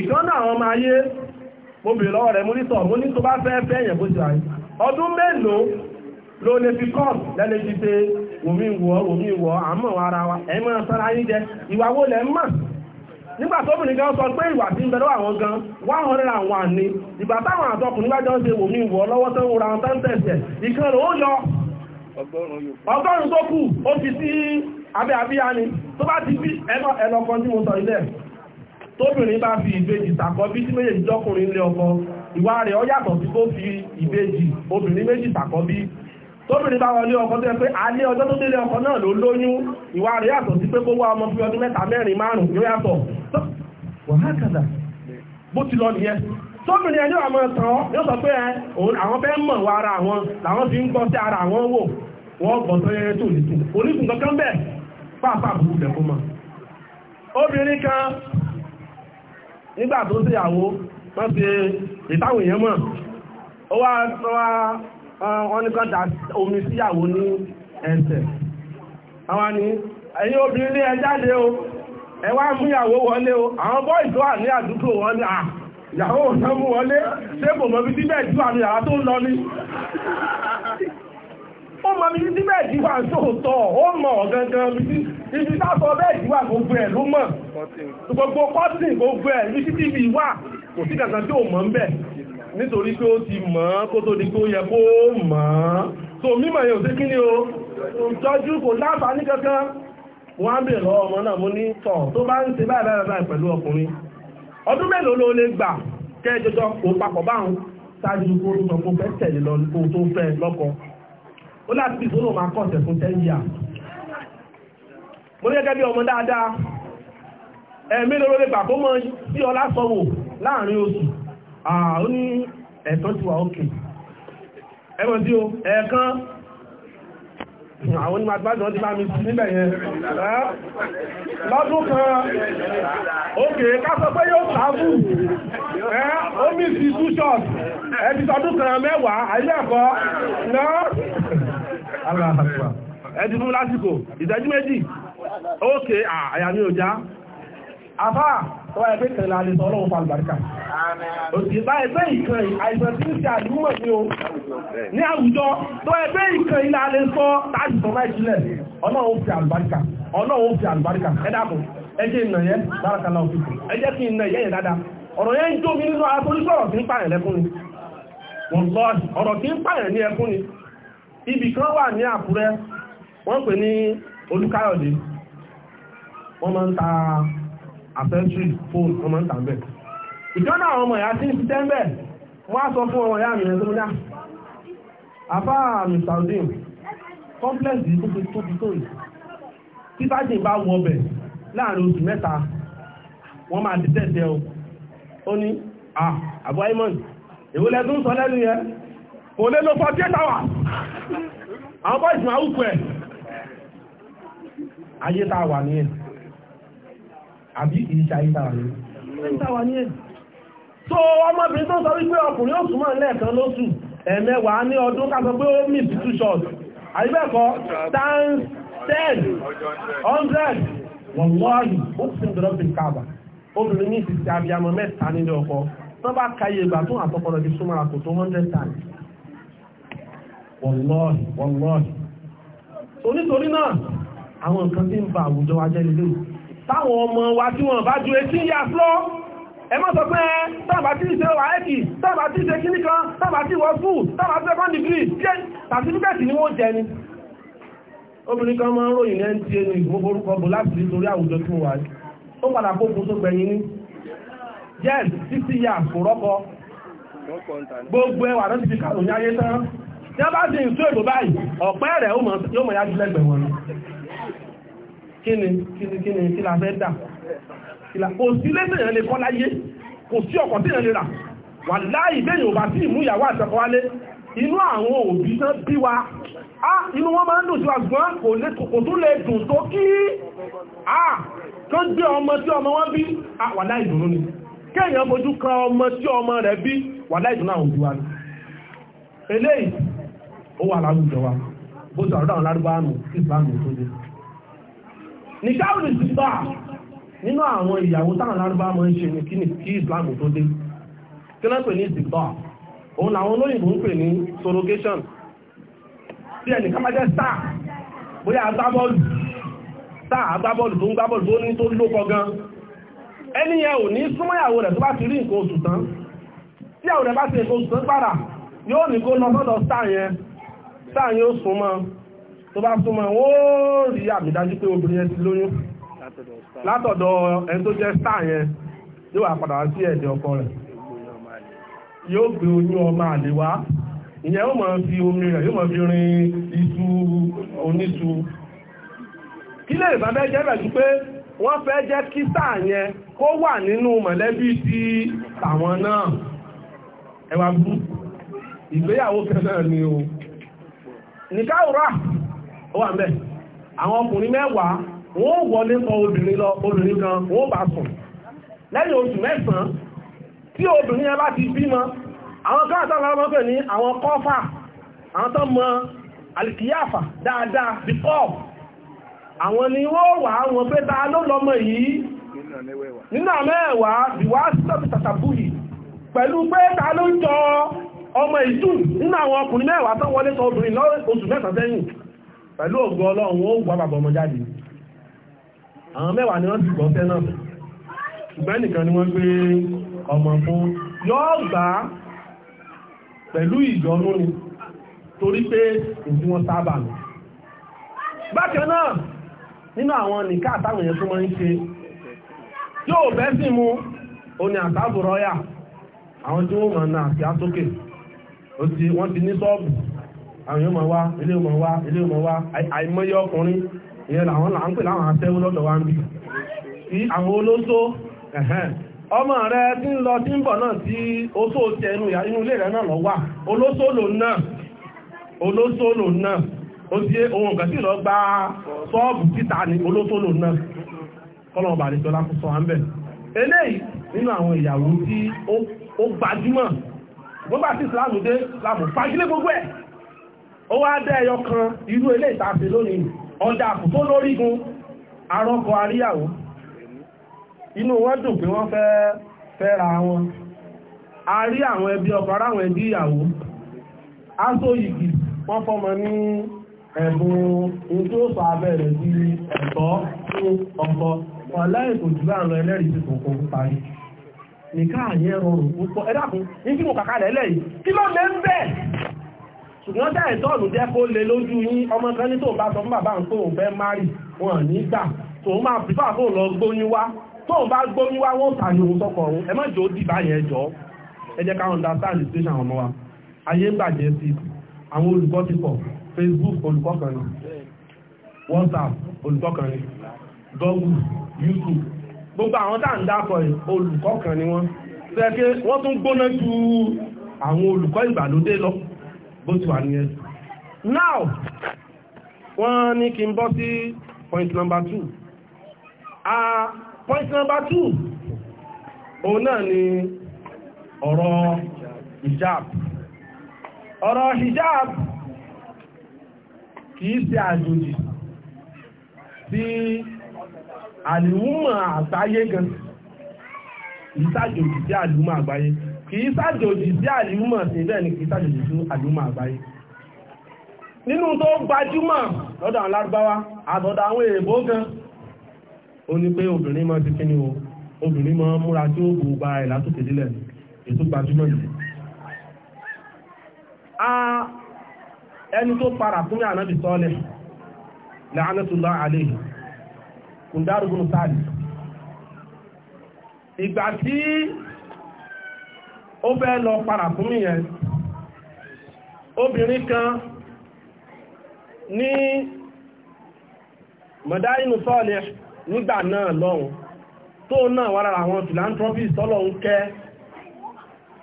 ìkan náà àwọn ọmọ ayé obìnrin bèèrè ní tó bá fẹ́ fẹ́ bó ti ọdún mélòó ló lè fi kọ́ọ̀sì lẹ́lẹ́ ti wòmí àmọ́ ara wa ẹ̀ sára jẹ ìwà wo mọ̀ nígbà tó sọ pé ìwà tí ń àwọn gan ìgbà táwọn jọ ń ṣe lọ́wọ́ tó ń wura wọn tẹ̀sẹ̀ ìkan ló yọ ọgọ́rùn tóbìnrin bá fi ìbejì tàkọ́bí sí méjèèjì jọ́kùnrin lé ọkọ ìwà rẹ̀ ọ yàtọ̀ sí tó fi ìbejì obìnrin méjì bí. tóbìnrin bá wọlé ọkọ tó yẹ pé alẹ́ ọjọ́ tó délé ọkọ náà ló lóyún ìwà rẹ̀ yàtọ̀ sí pé gbogbo ọmọ ọdún mẹ́ta mẹ́rin márùn-ún yóò yàtọ̀ bó ti lọ nìyẹn nígbà tó sí ìyàwó wọ́n ti ìtàwọn èèyàn mọ̀ ó wá wọ́n ní kan dà omi sí ìyàwó ní ẹsẹ̀ àwọn ni ẹ̀yin obìnrin ní ẹjáde o ẹ wá mú ìyàwó wọlé o àwọn bọ́ì tó wà ní àdúgbò wọn ni à ah, ìyàwó òṣèlú wọlé ṣé kò mọ̀ bí síbẹ̀ jù àmì yàrá tó ń lọ ní ó mọ mi títí bẹ́ẹ̀ jíwà sóòótọ́ ó mọ̀ gangan ibi sásọ bẹ́ẹ̀ jíwà gbogbo ẹ̀ ló mọ̀ gbogbo kọ́tìn gbogbo ẹ̀ ibi títí ibi wà kò sí kankan tí ò mọ̀ ń bẹ̀ nítorí pé ó ti mọ̀ kó tó di pé ó yẹ kó mọ̀ so mímọ̀ yẹn ò sí kíní o ìtọ́jú kò láǹfààní kankan wọ́n á bèèrè lọ́wọ́ ọmọ náà mo ní tọ̀ tó bá ń ṣe báyìí báyìí pẹ̀lú ọkùnrin ọdún mélòó ló lè gbà kẹ́ẹ̀jọjọ́ kò papọ̀ báhùn ṣáájú kó tó sọ fún fẹ́ tẹ̀lé lọ tó fẹ́ lọ́kọ̀ọ́ ó láti bí sólò máa kọ̀ọ̀sẹ̀ fún tẹ́yà mo ní gẹ́gẹ́ bí ọmọ dáadáa ẹ̀mí lóró lè pàkó mọ́ sí ọlá sọ́wọ́ láàrin oṣù àwọn ní ẹ̀kan ti wà ókè ẹgbọ́n tí ó ẹ̀kan àwọn onímọ̀ ti bá mi sí níbẹ̀ yẹn lọ́dún kan ókè kásọ pé yóò sáàbù ẹ́ omi sí two shots ẹ̀bí sọdún kan mẹ́wàá ayé ẹ̀kọ́ náà aláàbà ẹ̀dì fún lásìkò ìtẹ́jú méjì ókè àyà mi ò já afá tọ́wà ẹgbẹ́ ìkẹrẹ̀lá alẹ́ tọ́lọ́wọ́ falùbáríkà òsìbá ẹgbẹ́ ìkẹrẹ̀ àìsàn tí ń ṣe àdúgbò ní o ní àwùjọ tó ẹgbẹ́ ìkẹrẹ̀ ilẹ̀ alẹ́ sọ láti sọ máa ìjìnlẹ̀ ọlọ́run fi àlùbáríkà ọlọ́run fi àlùbáríkà ẹ̀dàkùn ẹjẹ́ ìnà yẹn bárakàlá òfìkù ẹjẹ́ kí ìnà yẹn dáadáa ọ̀rọ̀ yẹn ń jó mi nínú aṣojú ọ̀rọ̀ tí ń pààyàn lẹ́kún ni wọ́n lọ́ọ̀rọ̀ tí ń pààyàn ní ẹkún ni Ibi kan wà ní Àkúrẹ́ wọ́n pè ní Olúkáyọ̀dé wọ́n máa ń ta accessory phone wọ́n máa ń tà bẹ́ẹ̀ ìjọ́nà àwọn ọmọ ìyá tí ń ṣiṣẹ́ bẹ́ẹ̀ wọ́n á sọ fún ọmọ ìyá mi rẹ̀ tó ní ah, àbá mi saudi complex yìí tó fi tóbi tó yìí tí bájì bá wọ ọbẹ̀ láàrin oṣù mẹ́ta wọ́n máa dìtẹ̀ ah, tẹ́ sọ lẹ́nu yẹn kò lè lo forty eight hours àwọn bọ́ ìsìn àwùkù ẹ̀ ayé tá a wà ní ẹ̀ àbí kìí ṣe ayé tá a wà ní ẹ̀ tá a wà ní ẹ̀ tó ọmọbìnrin tó sọ wípé ọkùnrin ó súnmọ́ lẹ́ẹ̀kan lóṣù ẹ̀mẹ́wàá ní ọdún ká sọ pé ó mì sí two shot àyíbẹ̀kọ́ times ten hundred wọ́n lọ́ọ̀lù ó sì ń bẹ̀rẹ̀ bí káàbà obìnrin ní ìsìsì abiyamọ wọ́lọ́ọ̀hì wọ́lọ́ọ̀hì so nítorí náà àwọn nǹkan tí ń fa àwùjọ wa jẹ́ nílé táwọn ọmọ wa tí wọ́n bá ju etí yà fúlọ́ ẹ má sọ pé tàbà tí ìṣe wàẹ́kì tàbà tí ìṣe kíní kan tàbà tí wọ́n fún tàbà tí ẹ̀kọ́ dìgírì tàbífíkẹ́tì ni wọ́n jẹ ni obìnrin kan máa ń ròyìn ní nta ní gbogbo orúkọ bò láti rí torí àwùjọ tí ó wà ó padà kókó tó gbẹ̀yìn ní yes títí yà kò rọ́kọ gbogbo ẹwà lọ́sibí kàrò ní ayé tán tí a bá ti ìtú èbò báyìí ọ̀pẹ́ rẹ̀ yóò mọ̀ yájú lẹ́gbẹ̀ẹ́ wọn kíni kíni kíni kí la fẹ́ dà kò sí lẹ́sẹ̀ yẹn lè kọ́ láyé kò sí ọkọ̀ tí yẹn lè rà wà láì bẹ́yìn òbá tí ìmú ìyàwó àtẹ́kọ́ wálé inú àwọn òbí tán bí wa á inú wọn máa ń dùn sí wa ṣùgbọ́n kò tún lè dùn tó kí á tó gbé ọmọ tí ọmọ wọn bí wà láì dùnú ni kéèyàn fojú kan ọmọ tí ọmọ rẹ̀ bí wà láì dùnú àwọn òbí wa ni eléyìí ó wà láwùjọ wa bó ti àrọ́dà àwọn lárúbáwá nù sí ìsìláàmù tó dé nìkáwù ní sísá nínú àwọn ìyàwó táwọn lárúbáwá máa ń ṣe ní kí ìsìláàmù tó dé kí lọ́pẹ̀ ní sísá òun làwọn olóyìnbó ń pè ní sorogation bí ẹnì kan bá jẹ́ star bóyá agbábọ́ọ̀lù star agbábọ́ọ̀lù tó ń gbábọ́ọ̀lù tó ní tó lókọ gan ẹni yẹn ò ní súnmọ́yàwó rẹ̀ tó bá ti rí nǹkan oṣù tán tí àwọn rẹ̀ bá ti nǹkan oṣù tán padà yóò ní kó lọ sọ́dọ̀ star yẹn sáà yóò súnmọ́ tó bá súnmọ́ wọ́n rí àmìdájú pé obìnrin yẹn ti lóyún látọ̀dọ̀ ẹni tó jẹ́ sáà yẹn yóò wà padà sí ẹ̀dẹ̀ ọkọ rẹ̀ yóò gbé oyún ọmọ àlè wá ìyẹn yóò máa fi omi rẹ̀ yóò máa fi rin iṣu oníṣu kí lè bá bẹ́ jẹ́ bẹ̀jú pé wọ́n fẹ́ jẹ́ kí sáà yẹn kó wà nínú mọ̀lẹ́bí ti tàwọn náà ẹwà bú ìgbéyàwó kẹ́lẹ́ ni o nìkáwùrá ó wà mẹ́ àwọn ọkùnrin mẹ́wàá wọ́n wọlé sọ obìnrin lọ obìnrin kan wọ́n bá sùn lẹ́yìn oṣù mẹ́sàn-án tí obìnrin yẹn bá ti bímọ àwọn káàtà lọ́wọ́ pẹ̀ ní àwọn kọ́fà àwọn tó mọ alìkìyàfà dáadáa bí kọ́ àwọn ni wọ́n wà wọn pé ta ló lọ́mọ yìí nínú àmẹ́wàá bí wá sọ́bí tàtàbù yìí pẹ̀lú pé ta ló jọ ọmọ ìtù nínú àwọn ọkùnrin mẹ́wàá tán wọlé tọ obìnrin lóṣù mẹ́ta sẹ́yìn pẹ̀lú ògo ọlọ́run ó gbà ọmọ jáde àwọn mẹ́wàá ni wọ́n ti gbọ́ sẹ́nà ni wọ́n gbé ọmọ fún yóò pẹ̀lú ìjọnú ni torí pé ìdí wọn sábà nù bákan náà nínú àwọn nìká àtàwọn na wọ́n ti ní sọ́ọ̀bù àwọn yóò máa ilé ọmọ wa ilé ọmọ wa àìmọye ọkùnrin ìyẹn làwọn là ń láwọn lọ́dọ̀ wa ń bì kí àwọn ọmọ rẹ tí ń lọ tí ń bọ̀ náà tí ó tó tẹ inú ilé rẹ náà lọ wà olóso lò náà ti ohun sí lọ gba sọ́ọ̀bù ní olóso lò náà àdìsọ́lá fún sọ gbogbo àti ìsìláàmù dé láàmù fagilé gbogbo ẹ̀ ó wá dá ẹyọ kan irú ilé ìtàfẹ́ lónìí ọjà àkùtó lórígun arọ́kọ aríyàwó inú wọn dùn pé wọ́n fẹ́ fẹ́ ra wọn a rí àwọn ẹbí ọkọ ara ẹbí ìyàwó aṣọ yìí wọ́n fọmọ ní ẹ̀bùn ojú òsọ abẹ́rẹ̀ sí ẹ̀tọ́ fún ọkọ ọ̀lẹ́yìn kò jù láàrin ẹlẹ́rìí sí kòkó parí nìká àyẹ́ rọrùn púpọ̀ ẹ̀dàkùn ní kí mo kàkà lẹ́lẹ̀ yìí kí ló lè ń bẹ̀ ṣùgbọ́n tẹ́ ìtọ́ọ̀nù jẹ́ kó lè lójú yín ọmọ kan ní tó bá sọ fún bàbá ń tó fẹ́ márì wọn ní gbà tó máa pípà fóun lọ gbóyún wá tó bá gbóyún wá wọ́n tàní òun sọ́kọ̀ ọ̀run ẹ má jò ó dìbà yẹn jọ ẹ jẹ́ ká understand situation àwọn ọmọ wa ayé gbàjẹ́ sí àwọn olùkọ́ ti pọ̀ Facebook olùkọ́ kan ni WhatsApp olùkọ́ kan ni Google YouTube gbogbo àwọn tá ń dákọ̀ olùkọ́ kan ni wọ́n fẹ́ẹ́kẹ́ wọ́n tún gbóná ju àwọn olùkọ́ ìgbàlódé lọ bó ti wà nìyẹn now wọ́n ní kí n bọ́ sí point number two ah point number two òun náà ni ọ̀rọ̀ hijab ọ̀rọ̀ hijab kìí ṣe àjòjì sí si, àlùmọ̀ àgbáyé gan kìí ṣàjòjì sí àlùmọ̀ àgbáyé kìí ṣàjòjì sí àlùmọ̀ sí bẹ́ẹ̀ ni kìí ṣàjòjì sí àlùmọ̀ àgbáyé nínú tó gbajúmọ̀ lọ́dọ̀ àwọn lárúbáwá àtọ̀dọ̀ àwọn èèbó gan O ní pé obìnrin máa ti kíni o obìnrin máa ń múra tí ó bu ba ẹ̀ látòkè délẹ̀ ètò gbajúmọ̀ yìí a ẹni tó para fún mi ànábì sọ́ọ̀lẹ̀ lẹ́hánẹ́tùlá àléhìí kùndárùgbùn sáàdì ìgbà tí ó fẹ́ lọ para fún mi yẹn obìnrin kan ní mọ̀dáyínú sọ́ọ̀lẹ̀ nígbà náà lọ́hùn tó náà wà lára àwọn philanthropist tọ́lọ̀ ń kẹ́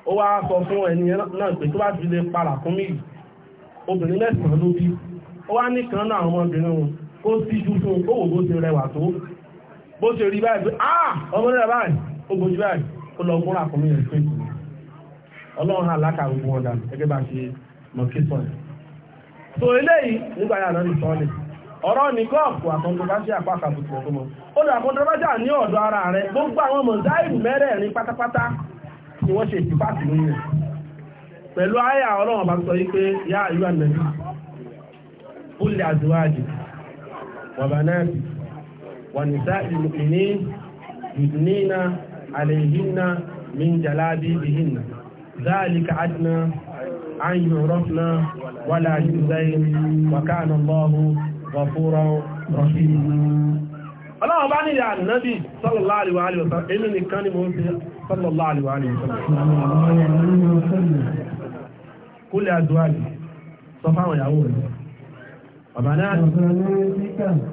ó wá sọ fún ẹni náà pé tó bá ti lè para fún mi obìnrin mẹ́sàn-án ló bí ó wá ní kan náà àwọn obìnrin wọn kó sí ṣúṣú kówò bó ṣe rẹwà tó bó ṣe rí báyìí ah ọmọ rẹ̀ báyìí ó gbojú báyìí ó lọ múra fún yẹn pé ọlọ́run aláka gbogbo wọn dànù gẹ́gẹ́ bá ṣe mọ̀ kí sọ̀rọ̀ so eléyìí nígbà yà lọ́nà ìsọ́ọ̀lẹ̀ ọ̀rọ̀ ní gọ́ọ̀pù àkọ́ntọ́báṣí àpákàtùkù ọ̀tọ́mọ ó dà àkọ́ntọ́báṣí ní ọ̀dọ̀ ara rẹ̀ gbogbo àwọn ọmọ záìrù mẹ́rẹ̀ẹ̀rin pátápátá ni wọ́n ṣe ìtìpáàtì lórí rẹ̀ pẹ̀lú àyà ọlọ́run bá sọ wípé yá ìlú ànàbí ó lè àdúrà jù وبنات ونساء المؤمنين يدنين عليهن من جلابيبهن ذلك عدنا أن يعرفنا ولا يؤذين وكان الله غفورا رحيما Ọlọ́run bá nílẹ̀ ànábì sallallahu alaihi wa sallam, èmi nìkan ni mo ń fi sallallahu alaihi wa sallam. Kúlẹ̀ àdúwàlì, sọ fáwọn ìyàwó rẹ̀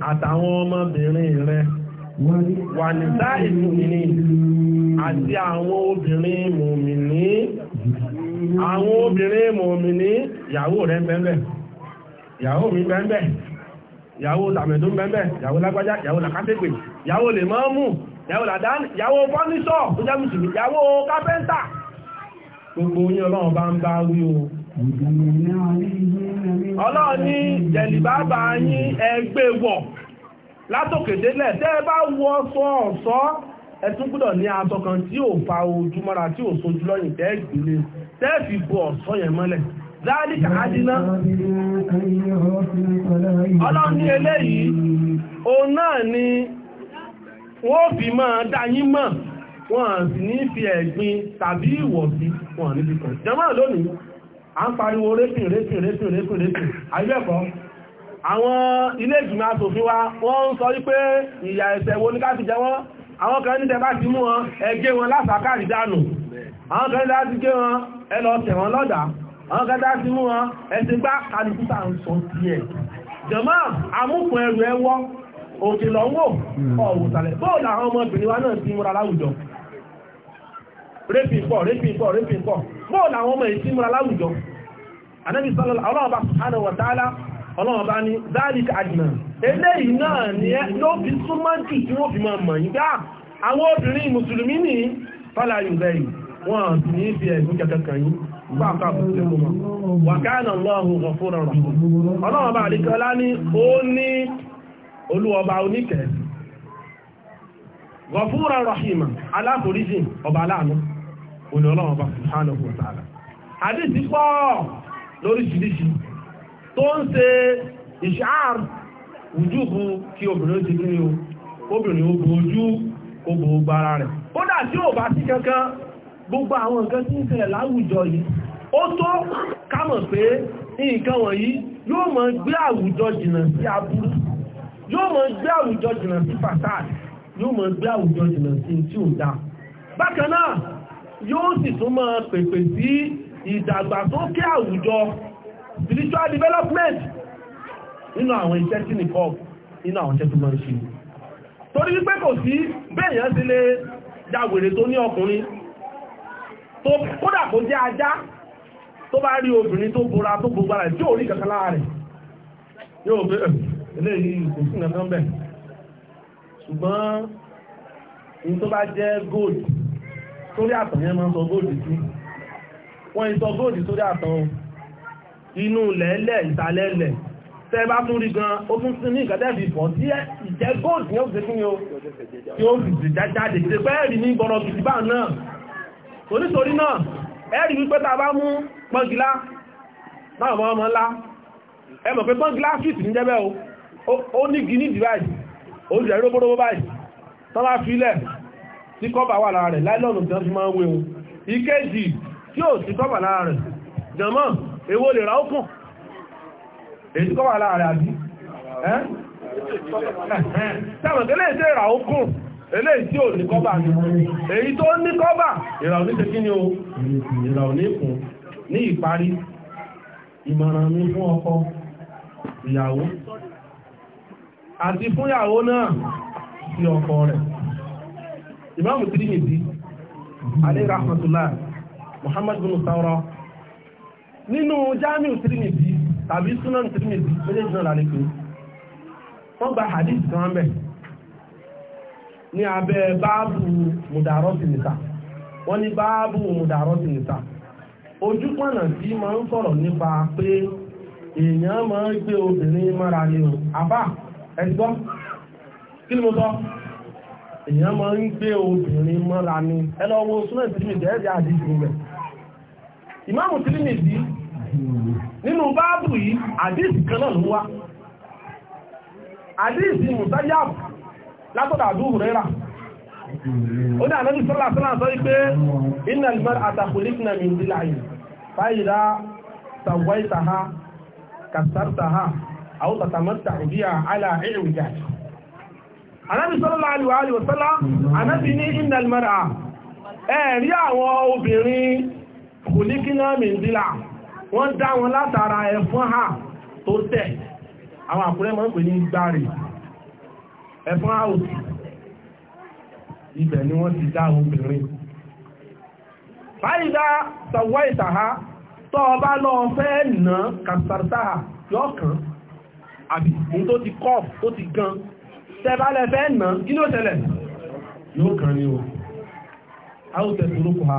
àtàwọn ọmọbìnrin rẹ̀ wà ní sáì mùmìnì àti àwọn obìnrin mùmìnì àwọn obìnrin mùmìnì ìyàwó rẹ̀ bẹ́ẹ̀ ìyàwó mi bẹ́ẹ̀ ìyàwó tàmẹ̀dú bẹ́ẹ̀ ìyàwó lágbájá ìyàwó làkátẹ́gbẹ̀ ìyàwó lè máa mú ìyàwó làdáni ìyàwó fọ́nísọ̀ tó jẹ́ mùsùlùmí ìyàwó kápẹ́ntà gbogbo yín ọlọ́run bá ń bá Ọlọ́run ní jẹ̀lìbábà yín ẹgbẹ́ wọ̀ látòkèdélẹ̀ tẹ́ bá wọ sọ ọ̀ṣọ́ ẹtún gbọ́dọ̀ ní aṣọ kan tí ò fa ojú mọ́ra tí ò sojú lọ́yìn tẹ́ ìgbìlẹ̀ tẹ́ fi bo ọ̀ṣọ́ yẹn mọ́lẹ̀ dáadíkà ádínà ọlọ́run ní eléyìí òun náà ni wọ́n fi máa dá yín mọ̀ wọ́n sì ní fi ẹ̀gbin tàbí ìwọ̀sí wọ́n níbi kan jẹ́mọ́ lónìí a ń pariwo rẹ́pìn rẹ́pìn rẹ́pìn rẹ́pìn rẹ́pìn àyẹ́kọ́ àwọn ilé ìgbìmọ̀ asòfin wa wọ́n ń sọ wípé ìyà ẹ̀ṣẹ̀ wo ní ká fi jẹ wọ́n àwọn kan ní tẹbá ti mú wọn ẹgbẹ́ wọn lásàkárì dànù àwọn kan dá ti gé wọn ẹ lọ tẹ̀ wọn lọ́dà àwọn kan dá ti mú wọn ẹsẹ̀ gbá kálukúta ń sọ sí ẹ̀ jọmọ́ àmúkùn ẹrù ẹwọ́ òkè lọ́wọ́ hmm. ọ̀wùsàlẹ̀ bóòlù àwọn ọmọbìnrin wa náà ti múra láwùjọ rẹ́pìn pọ̀ rẹ́pìn pọ̀ rẹ́pìn pọ̀ bóòlù àwọn ọmọ ìsímúra láwùjọ anábi sọ́lọ́lọ́ ọlọ́ọ̀bá subhanahu wa ta'ala ọlọ́ọ̀bá ní zalika adna eléyìí náà ni ẹ ló fi súnmọ́ jù tí wọ́n fi máa mọ̀ yí gbá ah, àwọn obìnrin mùsùlùmí ní fala yuzayi wọ́n sì ní fi ẹ̀gún kẹkẹkẹ yìí pàápàá àbúrúkẹ́ tó mọ̀ wa kana Allahu ghafuran rahim ọlọ́ọ̀bá àríkọlá ní ó ní lóríṣiríṣi tó ń ṣe ìṣáàr ojúhu kí obìnrin ti ní o obìnrin ó bo ojú ó bo gbára rẹ̀ kódà tí ò bá sí kankan gbogbo àwọn nǹkan tí ń ṣẹlẹ̀ láwùjọ yìí ó tó kámọ̀ pé nǹkan wọ̀nyí yóò mọ̀ gbé àwùjọ jìnnà sí aburú yóò mọ̀ gbé àwùjọ jìnnà sí fasad yóò mọ̀ gbé àwùjọ jìnnà sí tí ò dáa bákan yóò sì tún mọ̀ pèpè sí ìdàgbàsókè àwùjọ spiritual development nínú àwọn iṣẹ́ tí nìkọ́ nínú àwọn iṣẹ́ tó máa ń ṣe torí wípé kò sí bẹ́ẹ̀yàn sí lè jàwèrè tó ní ọkùnrin tó kódà kó jẹ́ ajá tó bá rí obìnrin tó bora tó gbogbo ara tí ò rí wọ́n ìsọ góòdì sórí àtàn inú lẹ́lẹ̀ ìsàlẹ̀lẹ̀ tẹ́ bá tún rí gan ó tún sí ní ìkẹ́tẹ́fì fọ́ tí ìjẹ́ góòdì yóò fi fún yóò tí ó fi jáde tí pẹ́ẹ̀rì ní gbọ́rọ̀ gìdìbà náà onítorí náà ẹ̀rì wípé ta bá mú pọ́ngilá náà mọ́ ọmọ ńlá ẹ mọ̀ pé pọ́ngilá street ní jẹ́bẹ́ o ó ní gíní dìbáyì ó jẹ́ róbóróbó báyìí tán bá filẹ̀ tí kọ́bà wà lára rẹ̀ láìlọ́nù tí wọ́n fi máa ń wé o ìkéjì tí ó sí kọ́bà lára rẹ̀ jẹmọ́ èwo lè ra ókùn èyí tí kọ́bà lára rẹ̀ àbí sẹ́mọ̀tẹ́lẹ̀ tí ra ókùn eléyìí tí ò ní kọ́bà ní èyí tó ní kọ́bà ìrà òní ṣe kí ni o ìrà òní kùn ní ìparí ìmọ̀ràn mi fún ọkọ ìyàwó àti fún ìyàwó náà sí ọkọ rẹ̀ ìmáàmù tírìmìtì alẹ́ rahmatullah Muhammad bin Saura nínú Jamiu Tirmidhi tàbí Sunan Tirmidhi méjèèjì náà lálẹ́ wọ́n gba hadith kan bẹ̀ ní abẹ́ báàbù mùdàrọ́sì nìta wọ́n ní báàbù mùdàrọ́sì nìta ojúpọ̀nà tí máa ń sọ̀rọ̀ nípa pé èèyàn máa ń gbé obìnrin mára ní o àbá ẹgbọ́ kí ni mo sọ èèyàn máa ń gbé obìnrin mára ní ẹlọ́wọ́ súnmọ̀ ìsinmi jẹ́ẹ̀dì ìmáàmù Tirmidhi nínú báàbù yìí àdíìsì kan náà ló wá àdíìsì mùsáyàbù látọ̀dà Abu Hurairah ó ní ànábì sọ́lá sọ́lá sọ wípé iná ìmọ̀ àtàkùnlẹ́kùnà mi ìdílà yìí fáyìlá sàwọ́ìtàhá kàtàrtàhá àwọn tàtàmọ́ta ìbíyà alà ìrìnjà ànábì sọ́lá alìwà alìwà sọ́lá ànábì ní iná ìmọ̀ ẹ̀rí kò ní kí náà mìndílà wọ́n dá wọn látara ẹ̀fọn hà tó tẹ̀ àwọn àkúrẹ́ mọ́ pè ní gbàrì ẹ̀fọn hà òsì ibẹ̀ ni wọ́n ti dá obìnrin fàídá sọ̀wọ́ ìtàhá tọ́ ọba lọ fẹ́ nà kàtàtàhà yọ́kàn àbí ní tó ti kọ́ tó ti gan tẹ́bálẹ̀ fẹ́ nà kí ló tẹ́lẹ̀ yóò kàn ní o a ó tẹ̀ tó ha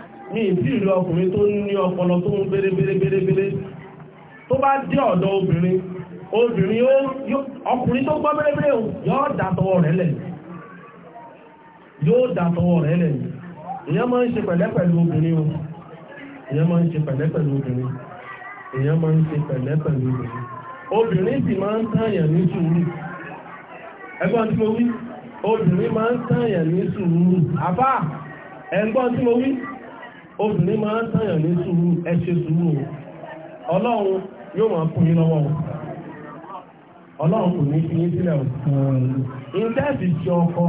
ní ìdí ìlú ọkùnrin tó ní ọpọlọ tó ń bèrè bèrè bèrè bèrè tó bá dé ọ̀dọ̀ obìnrin obìnrin ọkùnrin tó gbọ́ bèrè bèrè yóò dàtọwọ́ rẹ̀ lẹ̀ yóò dàtọwọ́ rẹ̀ lẹ̀ ìyẹn máa ń ṣe pẹ̀lẹ́ pẹ̀lú obìnrin o ìyẹn máa ń ṣe pẹ̀lẹ́ pẹ̀lú obìnrin ìyẹn máa ń ṣe pẹ̀lẹ́ pẹ̀lú obìnrin obìnrin sì máa ń tààyàn ní sùúrù ẹgbọ́n tí mo wí obìnrin máa ń tààyàn ní sùúrù àbá ẹgbọ́n tí mo wí obìnrin máa ń tàyàn ní sùúrù ẹ ṣe sùúrù ọlọ́run yóò máa kún yín lọ́wọ́ ọlọ́run kò ní fi yín sílẹ̀ ìńtẹ́ẹ̀sì ṣe ọkọ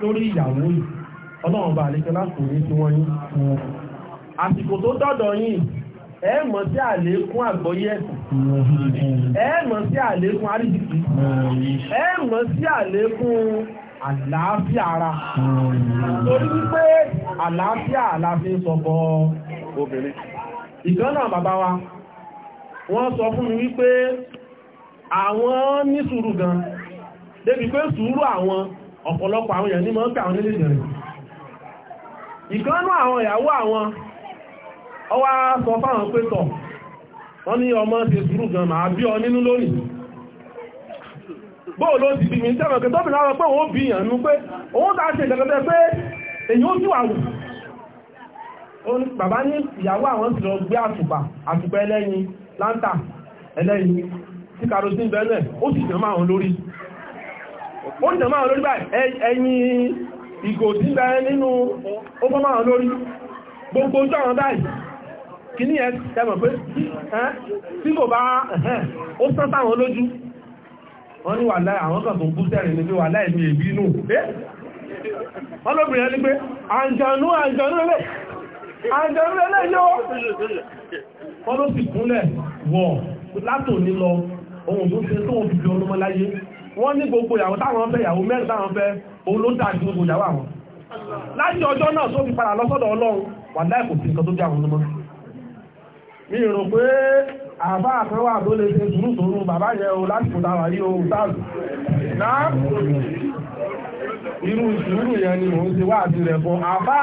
lórí ìyàwó yìí ọlọ́run bá àlejò láti ní sí wọ́n yín àsìkò tó dọ́dọ̀ yìí ẹ mọ̀ sí àlékún àgbọ́yé ẹ mọ̀ sí àlékún àríjìkì ẹ mọ̀ sí àlékún àlàáfíà ara torí wípé àlàáfíà àlàáfíà sọ̀bọ̀ obìnrin ìgbọ́nà bàbá wa wọ́n sọ fún mi wípé àwọn ní sùúrù gan débi pé sùúrù àwọn ọ̀pọ̀lọpọ̀ àwọn èèyàn ní mọ́ pẹ̀ àwọn nílé ìrìn ìgbọ́nà àwọn ìyàwó àwọn ọwá sọ fáwọn pẹ́tọ̀ wọ́n ní ọmọ ti sùúrù gan màá bí ọ nínú lónìí bóò ló ti bí mi tẹ́mọ̀ kí tóbi láwọn pé òun bí ìyànú pé òun tàà ṣe ìdẹ̀kẹ́tẹ́ pé èyí ó tú àwù bàbá ní ìyàwó àwọn ti lọ gbé àtùpà àtùpà ẹlẹ́yin láńtà ẹlẹ́yin tí karosin bẹ́ẹ̀ ó sì jẹ́ máa lórí ó sì jẹ́ máa lórí báyìí ẹ̀yìn ìgò tí bẹ́ẹ̀ nínú ó bọ́ máa lórí gbogbo ojú àwọn báyìí kí ní ẹ̀ tẹ́mọ̀ pé tí kò bá ó sán sáwọn lójú wọ́n ní wàhálà àwọn kan tó ń bú sẹ́rin ní pé wàhálà ìlú èbí inú wọ́n lóbìnrin ẹni pé àjànú àjànú lẹ́lẹ́ àjànú lẹ́lẹ́ yọ́ wọ́n ló sì kúnlẹ̀ wọ̀ látò ní lọ ohun tó ṣe tó fi fi ọlọ́mọ láyé wọ́n ní gbogbo ìyàwó táwọn fẹ́ ìyàwó mẹ́rin táwọn fẹ́ òun ló dáa ju àbá àkọwà tó lè ṣe sùúrù sùúrù bàbá yẹ o láti kò dáwà rí o sáàlù náà irú sùúrù yẹn ni òun ti wá àti rẹ̀ fún àbá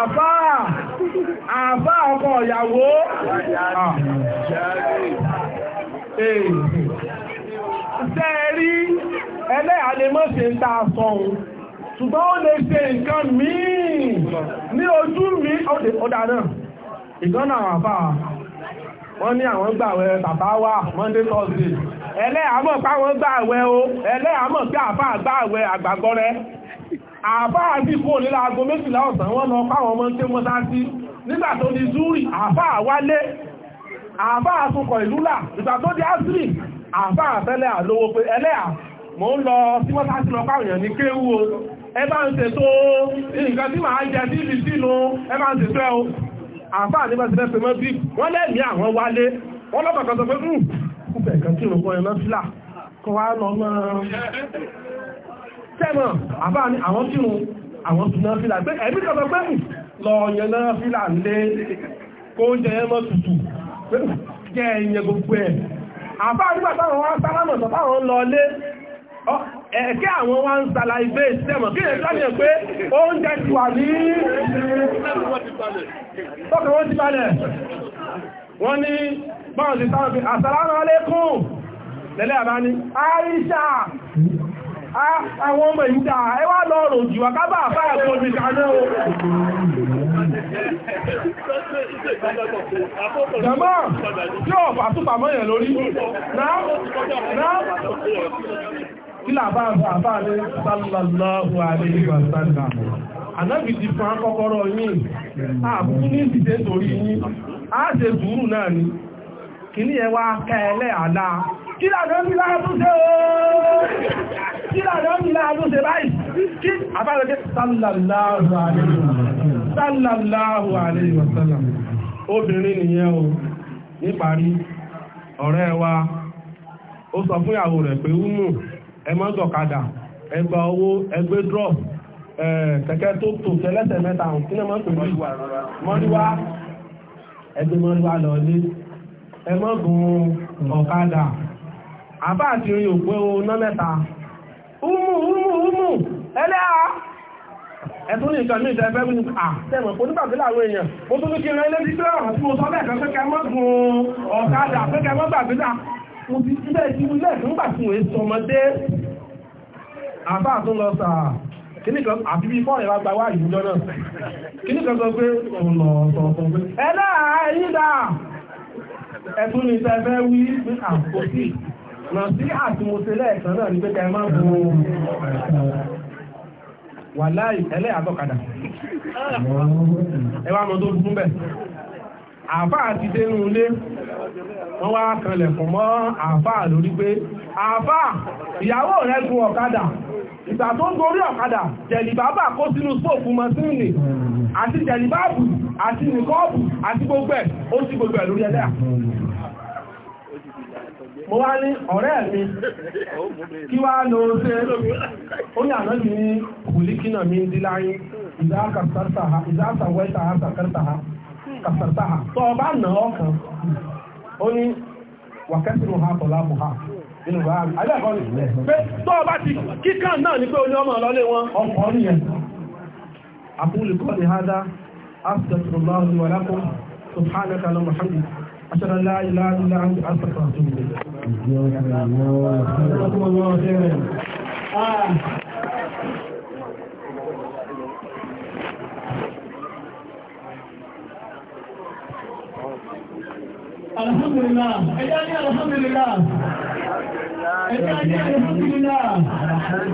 àbá àbá ọkọ ìyàwó ṣe rí ẹlẹ́yà lè mọ́ ṣe ń ta sọ́hun ṣùgbọ́n ó lè ṣe nǹkan míì ní ojú mi ó dáná ìgọ́nà àbá wọ́n ní àwọn gbàwẹ̀ bàbá wa Monday Thursday ẹlẹ́àmọ̀ páwọn gbàwẹ̀ o ẹlẹ́àmọ̀ pé àfà gbàwẹ̀ àgbàgbọ́rẹ́ àfà àti kò nílá aago méjìlá ọ̀sán wọ́n lọ páwọn ọmọ tí wọ́n sáti nígbà tó di zuri àfà wálé àfà àtúnkọ̀ ìlú là ìgbà tó di asiri àfà àfẹ́lẹ́ àlówó pé ẹlẹ́à mọ́ ń lọ sí wọ́n sáti lọ páwọn èèyàn ní kéwú o ẹ bá ń ṣètò nǹkan tí màá jẹ sí ibi sínú ẹ bá ń ṣètò ẹ o àfáà ní bàtí lẹ́sẹ̀ mọ́ bí wọ́n lẹ́mí àwọn wálé wọ́n lọ́pàá kan sọ pé ń hmm, kúbẹ̀ kan tí òun kọrin lọ́fílà kọ́ wá lọ mọ́ tẹ́mọ̀ àfáà ní àwọn tí òun àwọn tún lọ́fílà pé ẹ̀mí kan sọ pé ń hmm, lọ yẹn lọ́fílà lé kó oúnjẹ yẹn mọ́ tutù pé hmm, jẹ́ ẹ̀yẹ gbogbo ẹ̀ àfáà nígbà táwọn wá sálámọ̀ sọ táwọn lọ lé ẹ̀kẹ́ àwọn wá ń sàlà ìgbé ìsẹ́mọ̀ kí ẹ̀sá ní pé oúnjẹ ti wà ní tọ́kà wọ́n ti balẹ̀ wọ́n ní bọ́n ti sáwọn fi àsàlámù alékùn lẹ́lẹ́ àbá ní àìṣà àwọn ọmọ ìdá ẹwà lọ́rùn jù àkábà àfáà tó ti kaná o Jàmá yóò fà túpàmọ́yàn lórí. Náà, náà, kílà bá bá bá ní sallallahu alayhi wa sallam ànábì ti fún akọ́kọ́rọ́ A àbúkú ní ìdíje torí yín á ṣe sùúrù náà ni kìíní ẹ wá ká ẹlẹ́ àlá kílà náà bí láàtúnṣe ooo kílà náà bí láàtúnṣe báyìí kí àbáyọ̀kẹ́ sallallahu alayhi wa sallam alayhi wa o níparí ọ̀rẹ́ wa ó sọ fún ìyàwó rẹ̀ pé ó ẹ máa ń dọ̀kadà ẹgbà owó ẹgbẹ́ drop kẹ̀kẹ́ tó tò tẹ́lẹ́sẹ̀ mẹ́ta ọ̀hún kí náà máa ń pè ní mọ́ríwá ẹgbẹ́ mọ́ríwá lọ lé ẹ máa gun ọ̀kadà àbá àti rin òpó oná mẹ́ta umu umu umu ẹlẹ́à ẹ̀tún ní ìkan ní ìjọ ẹgbẹ́ wíní àtẹ́mọ̀ kò nígbàtí láwọn èèyàn mo tún ní kí rán ilé títí ọ̀rọ̀ tí mo sọ bẹ́ẹ̀ kan kẹ́kẹ́ mọ́ gun ọ̀kadà kẹ́kẹ́ mọ́ gbàgbé àbá tó lọ sàá kìnnìkan àti bí fọ́ọ̀rẹ̀ wa gba wáyé ìjọ náà kìnnìkan sọ pé òun lọ sọ fún pé ẹ̀dá àìyídà ẹ̀tún ní sẹ́fẹ́ wí pé àkókò nà sí àtúnmọ̀sẹ̀ lẹ́ẹ̀kan náà ní pé kẹ́ máa bú wà láì ẹlẹ́ àtọ́kadà ẹwà mọ́ tó burú bẹ́ẹ̀ afaa ti dénú ilé wọ́n wá kanlẹ̀kùn mọ́ àáfàá lórí pé àáfàá ìyàwó rẹ̀ gun ọ̀kadà ìgbà tó ń gorí ọ̀kadà jẹ̀lìbábà kó sínú spóòfù mọ́sílì àti jẹ̀lìbáàbù àti nìkọ́ọ̀bù àti gbogbo ẹ̀ ó gbogbo ẹ̀ lórí ẹlẹ́à mo wá ní ọ̀rẹ́ mi kí wá lọ ṣe ó ní kùlíkínà mi kàtàtà tó ọba nà ọkàn ó ní wàkẹ́sìmù ha tọ̀lá mù ha nínú bá rí alẹ́kọ̀ọ́ ní pé tó ọba ti kíkà náà ní pé olú ọmọ ọlọ́lé wọn ọkọ̀ nìyẹn àpúlùkọ́ ni hádá astagfirullahi wa lakum subhanaka la muhammadin ashhadu an la ilaha illa Alhamdulillah. Ẹjá ní Alhamdulillah. Ẹjá ní Alhamdulillah.